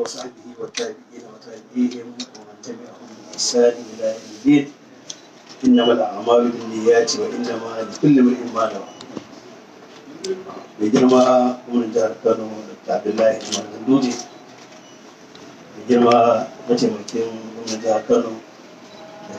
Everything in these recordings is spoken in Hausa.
وصحبه والتابعين وتابعيهم ومن تبعهم بإحسان إلى يوم الدين إنما الأعمال بالنيات وإنما لكل امرئ ما نوى mai girma gwamnan jihar kano da abdullahi umar ganduje mai girma mataimakin gwamnan jihar kano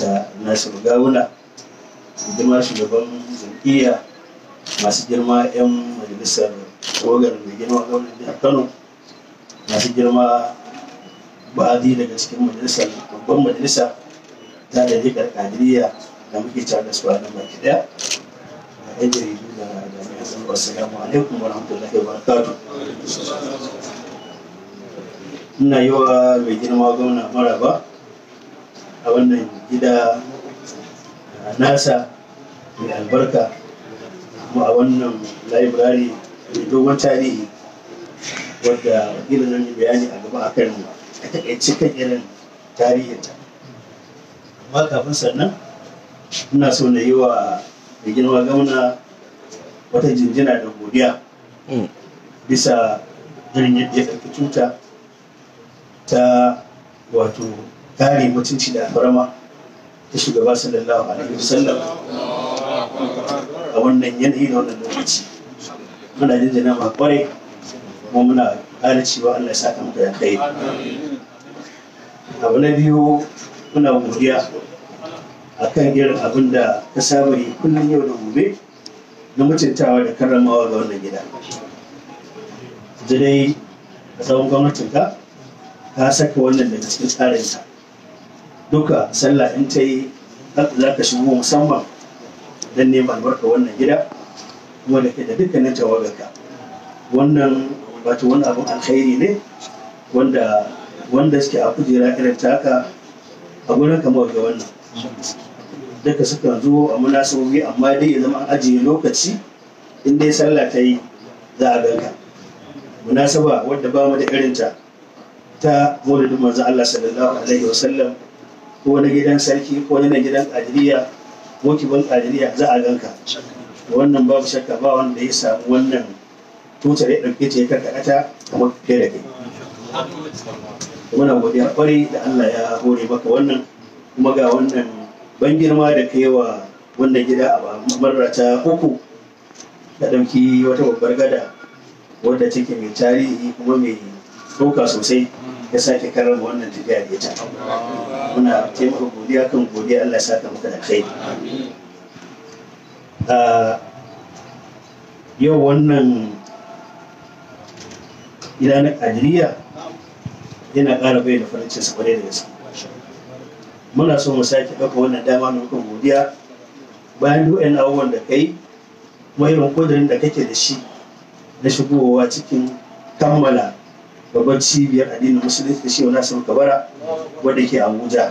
da nasiru gawuna mai girma shugaban jam'iyya masu girma 'yan majalisar tawagar mai girma gwamnan kano masu girma ba'adi daga cikin majalisar babban majalisa ta da jikar kadiriya da muke cewa da su a nan baki daya a yan jaridu da jami'an tsaro assalamu alaikum wa rahmatullahi wa barakatu. ina yi wa mai girma gwamna maraba a wannan gida nasa mai albarka kuma a wannan library mai dogon tarihi wadda wakilin nan yi bayani a gaba akan a takaice kan irin tarihinta amma kafin sannan ina so na yi wa da girma wata jinjina da godiya mm. bisa irin yadda ya ɗauki cuta ta wato kare mutunci da farama ta shugaba sallallahu alaihi wasallam a wannan yanayi da wannan lokaci muna jinjina ma kwarai kuma muna ƙara cewa Allah ya saka mutu da abu na biyu muna godiya a kan irin abin da ka saba yi kullum yau da gobe na mutuntawa da karramawa ga wannan gida da dai a tsawon gwamnatinka ka saka wannan daga cikin tsarinsa duka sallah in ta yi za ka shigo musamman don neman albarka wannan gida kuma da ke da dukkanin tawagarka wannan wato wani abin alkhairi ne wanda wanda suke a kujera irin taka a gurin kamar ga wannan duka suka zo a munasabobi amma dai ya zama an ajiye lokaci in dai sallah ta yi za a ganka munasaba wadda ba mu da irinta ta maulidin manzo Allah sallallahu alaihi wasallam ko na gidan sarki ko na gidan kadiriya ko kiban kadiriya za a ganka wannan babu shakka ba wanda ya samu wannan tutar ya ɗauke ce ya karkaɗa kuma kamar kai da kai muna godiya kwarai da Allah ya hore maka wannan kuma ga wannan ban girma da kai wa wannan gida a marar ta uku da ɗauki wata babbar gada wadda take mai tarihi kuma mai ɗauka sosai ya sake karar wannan tafiya da ita muna taimaka godiya kan godiya Allah ya saka maka da kai ah, yau wannan gida na kadiriya yana ƙara bai da farin cinsa kwarai da gaske muna so mu sake ɗauka wannan dama na godiya bayan duk ɗan abubuwan da kai kuma irin kodarin da kake da shi na shigowa cikin kammala babban cibiyar addinin musulunci da shi wani asibin kabara wadda ke abuja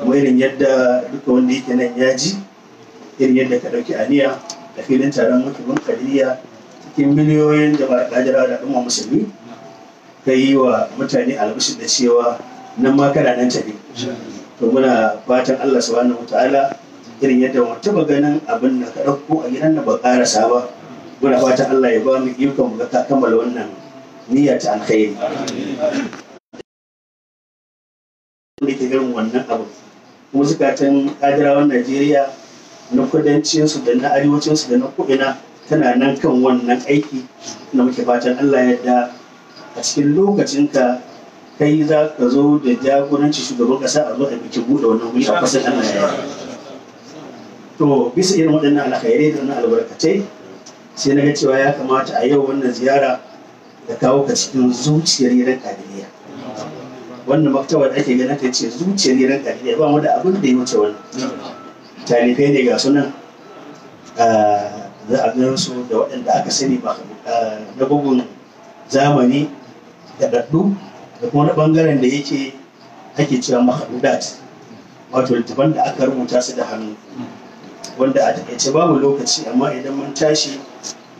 kuma irin yadda duka wanda yake nan ya ji irin yadda ka ɗauki aniya a filin taron mutumin kadiriya cikin miliyoyin jama'ar kajira da kuma musulmi ka yi wa mutane albashi da cewa nan ma kana nan tafi to muna fatan Allah subhanahu ta'ala irin yadda mu taba ganin abin da ka dauko a gidan da ba ƙarasa ba muna fatan Allah ya ba mu ikon mu ga kammala wannan niyya ta alkhairi da ke garin wannan abu kuma zukatan kadirawan Najeriya na kudancinsu da na arewacinsu da na ko'ina tana nan kan wannan aiki na muke fatan Allah ya da a cikin lokacin ka kai za ka zo da jagoranci shugaban kasa a zo a biki buɗe wannan wuri a kasar Allah ya to bisa irin waɗannan alkhairai da wannan albarkatai sai na ga cewa ya kamata a yau wannan ziyara da kawo ka cikin zuciyar yaran kadiriya wannan maktaba da ake ganin ta ce zuciyar yaran kadiriya ba mu da abin da ya wuce wannan talifai ne ga sunan ah, za a gan su da waɗanda aka sani ba eh, na bugun zamani da ɗaɗɗu da kuma na ɓangaren da yake ake cewa mahadudat wato littafan da aka rubuta su da hannu wanda a takaice babu lokaci amma idan mun tashi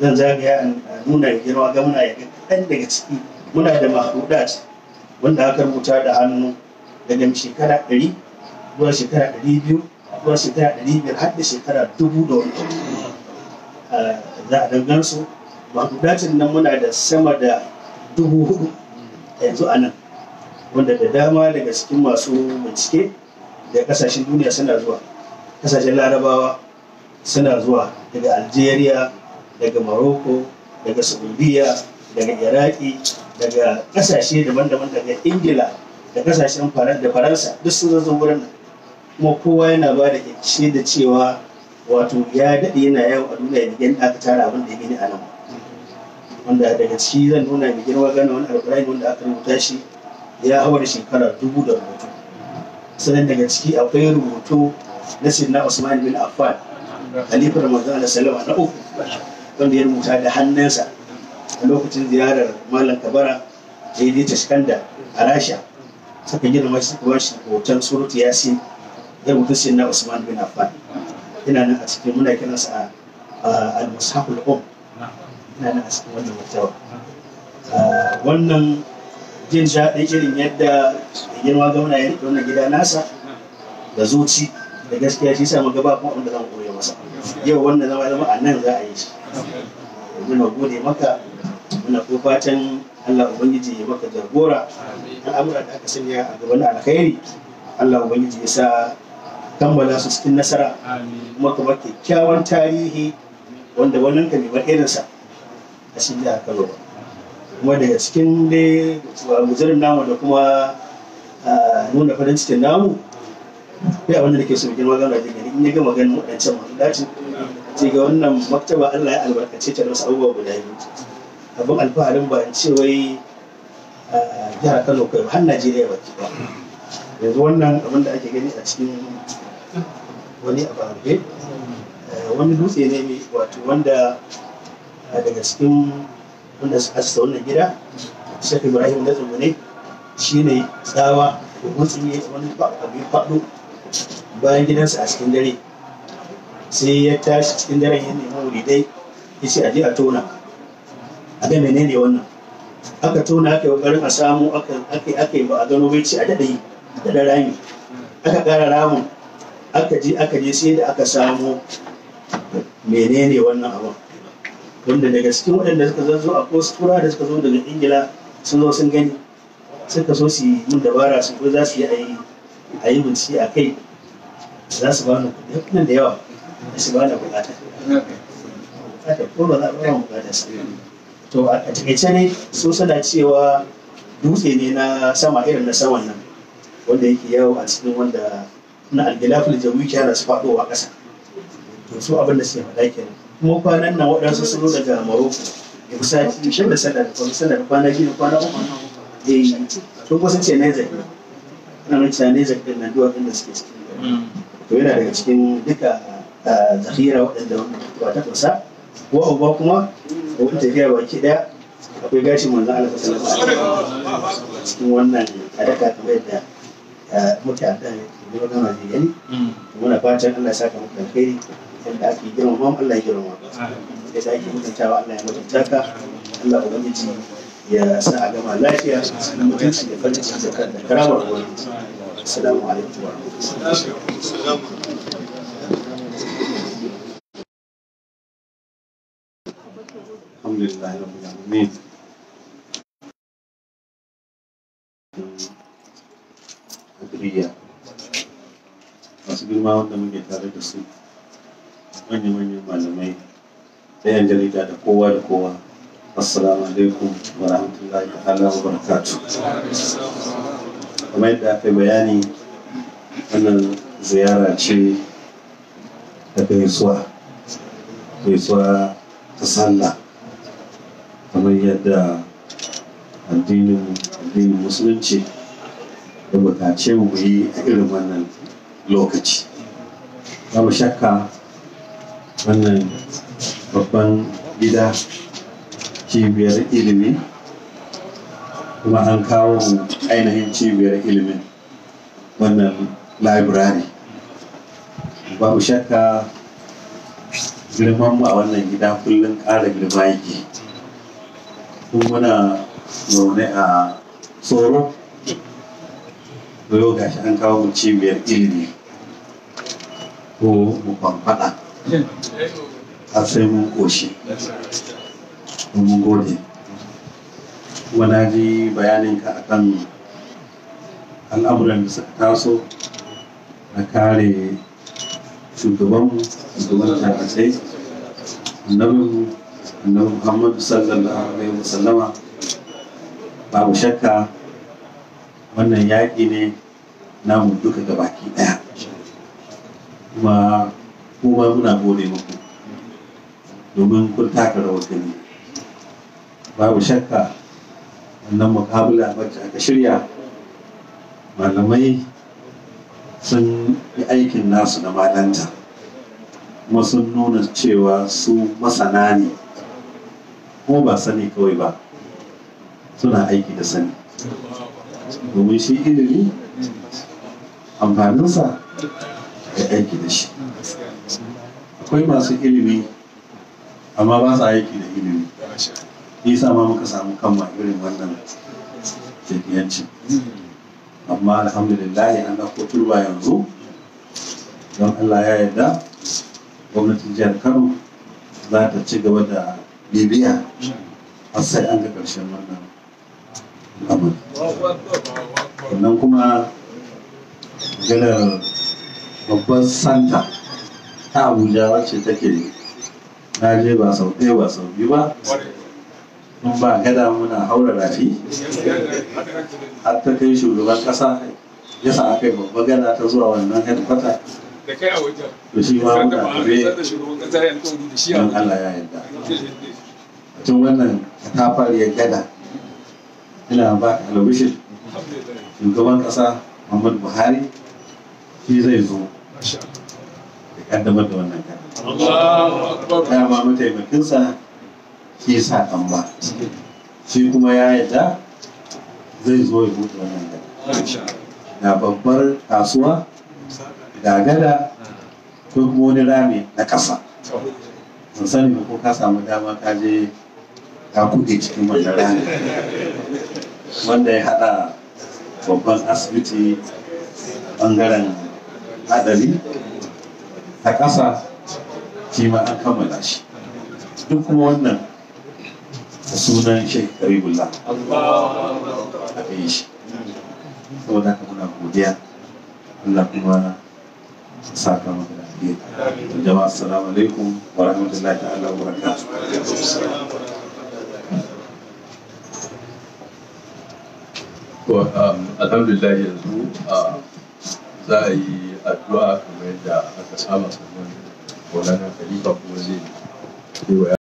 zan zagaya a nuna girma ga muna ga kaɗan daga ciki muna da mahadudat wanda aka rubuta da hannu daga shekara ɗari zuwa shekara ɗari biyu zuwa shekara ɗari biyar har da shekara dubu da wani za a dangan su mahadudatin nan muna da sama da dubu hudu yanzu a nan wanda da dama daga cikin masu bincike da kasashen duniya suna zuwa kasashen larabawa suna zuwa daga algeria daga morocco daga saudiya daga iraki daga kasashe daban-daban daga ingila da kasashen da faransa duk sun zo wurin nan kuma kowa yana ba da da cewa wato ya daɗe yana yawo a duniya da gani aka tara abin da ya gani a nan wanda daga ciki zan nuna mai girma gana wani alƙur'ani wanda aka rubuta shi ya hau da shekara dubu da rubutu sannan daga ciki akwai rubutu na sinna usman bin affan khalifar manzo Allah sallallahu na uku wanda ya rubuta da hannunsa a lokacin ziyarar malam kabara da ya ta shikanda a rasha suka gina shi hoton surutu yasin ya rubuta sinna usman bin affan ina nan a cikin muna a al-musahul um ina nan a cikin wannan mutawa wannan jin daɗin irin yadda girma gwamna ya riƙe wannan gida nasa da zuci da gaskiya shi sa muga ba kuma wanda zan koya masa yau wannan zama zama a nan za a yi shi muna gode maka muna ko fatan Allah ubangiji ya maka jagora al'amura da aka sanya a gaban alkhairi Allah ubangiji ya sa kammala su cikin nasara kuma kuma kyakkyawan tarihi wanda wannan ka bai irinsa a cikin jihar Kano ba kuma daga cikin dai muzirin namu da kuma nuna farin cikin namu ya abinda da ke so bikin magana da gani in ya gama ganin waɗancan masu dace ce ga wannan maktaba Allah ya albarkace ta da wasu abubuwa guda biyu abin alfaharin ba in ce wai jihar Kano kai har Najeriya baki ba yanzu wannan abin da ake gani a cikin wani abarbe eh, wani dutse ne mai wato wanda eh, daga cikin wanda suka asasa wannan gida Shafi ibrahim da ne shi ne tsawa da gutsun ya wani abu ya faɗo bayan gidansa a cikin dare sai ya tashi cikin daren ya nemi wuri dai ya ce aje a tona a ga menene wannan aka tona aka yi ƙoƙarin a samu aka yi ba a gano bai ce a yi. da rami aka ƙara ramin aka je aka je sai da aka samo menene wannan abu wanda daga cikin waɗanda suka zo a kura da suka zo daga ingila sun zo sun gani suka so su yi min dabara su ko za su yi a yi bincike a kai za su ba ni kuɗi nan da yawa da su ba ni bukata bukata ko ba za a ba ni bukata su to a taƙaice ne so suna cewa dutse ne na sama irin na saman nan wanda yake yawo a cikin wanda na algilafin jawi ke yana su faɗowa ƙasa to su abin da suke faɗa kenan kuma kwanan nan waɗansu sun zo daga maroko ya fi sati shan da sallar kwana da kwana biyu kwana uku eh sun kusa ce ne zai ana nan cewa ne zai ɗin nan duwatsun da suke cikin to yana daga cikin duka zahira waɗanda wannan ba ta kusa ko abuwa kuma da wata tafiya baki ɗaya akwai gashin manzo Allah sallallahu alaihi A cikin wannan adaka kamar yadda mutanen Kaduna na Najeriya ne hmm. muna fatan Allah ya saka muku alheri yadda ake girmama Allah ya girmama yadda ake mutuntawa Allah ya mutunta ka Allah ubangiji ya sa a gama lafiya mutunci da farin ciki da karamar ubangiji assalamu alaikum wa rahmatullahi tarbiyya masu girma wanda muke tare da su manya-manyan malamai ɗayan jarida da kowa da kowa assalamu alaikum wa rahmatullahi ta'ala wa barakatu kamar yadda aka bayani wannan ziyara ce da gaisuwa gaisuwa ta sallah kamar yadda addinin musulunci da bukace mu yi a irin wannan lokaci babu shakka wannan babban gida cibiyar ilimi kuma an kawo ainihin cibiyar ilimin wannan library babu shakka girman mu a wannan gida kullum ƙara girma yake kuma muna zaune a tsoro to yau gashi an kawo mu cibiyar ilimi ko mu kwamfada a sai mun koshi mun gode kuma na ji bayaninka akan al'amuran da suka taso na kare shugabanmu shugaban tarasai annabinmu annabi muhammadu sallallahu alaihi wasallama babu shakka wannan yaƙi ne namu duka baki ɗaya kuma kuma muna gode muku domin kun taka rawar gani babu shakka wannan mukabula wacce aka shirya malamai sun yi aikin nasu na malanta kuma sun nuna cewa su masana ne ko ba sani kawai ba suna aiki da sani domin shi ilimi amfaninsa ya aiki da shi akwai masu ilimi amma ba su aiki da ilimi nisa ma muka samu kanma irin wannan tafiyanci amma alhamdulillah an ɗauko turba yanzu don allah ya yarda gwamnatin jihar kano za ta ci gaba da bibiya har sai an ga ƙarshen wannan abu sannan kuma maganar babban santa ta abuja wacce take na je ba sau ɗaya ba sau biyu ba mun ba gada muna haura rafi har ta kai shugaban ƙasa ya sa aka yi babba gada ta zuwa wannan headquarter da shi ma muna don Allah ya yarda tun wannan ta gada ina ba alwishin shugaban ƙasa muhammadu buhari shi zai zo da kaddamar da wannan ya ma mataimakinsa shi sa ɗan ba shi kuma ya yadda zai zo ya mutu wannan gada na babbar kasuwa da gada ko kuma wani rami na ƙasa sun sani ko ka samu dama ka je ta kuɗe cikin wannan rana wanda ya haɗa babban asibiti ɓangaren haɗari. ta ƙasa shi ma an kammala shi duk kuma wannan da sunan shek karibullah a kan shi da haka muna godiya Allah kuma saka maka da jama'a assalamu alaikum wa rahmatullahi ta'ala wa barakatuh Um, alhamdulillah yanzu um, za a yi addu'a kamar yadda aka saba sannan maulana khalifa kuma zai yi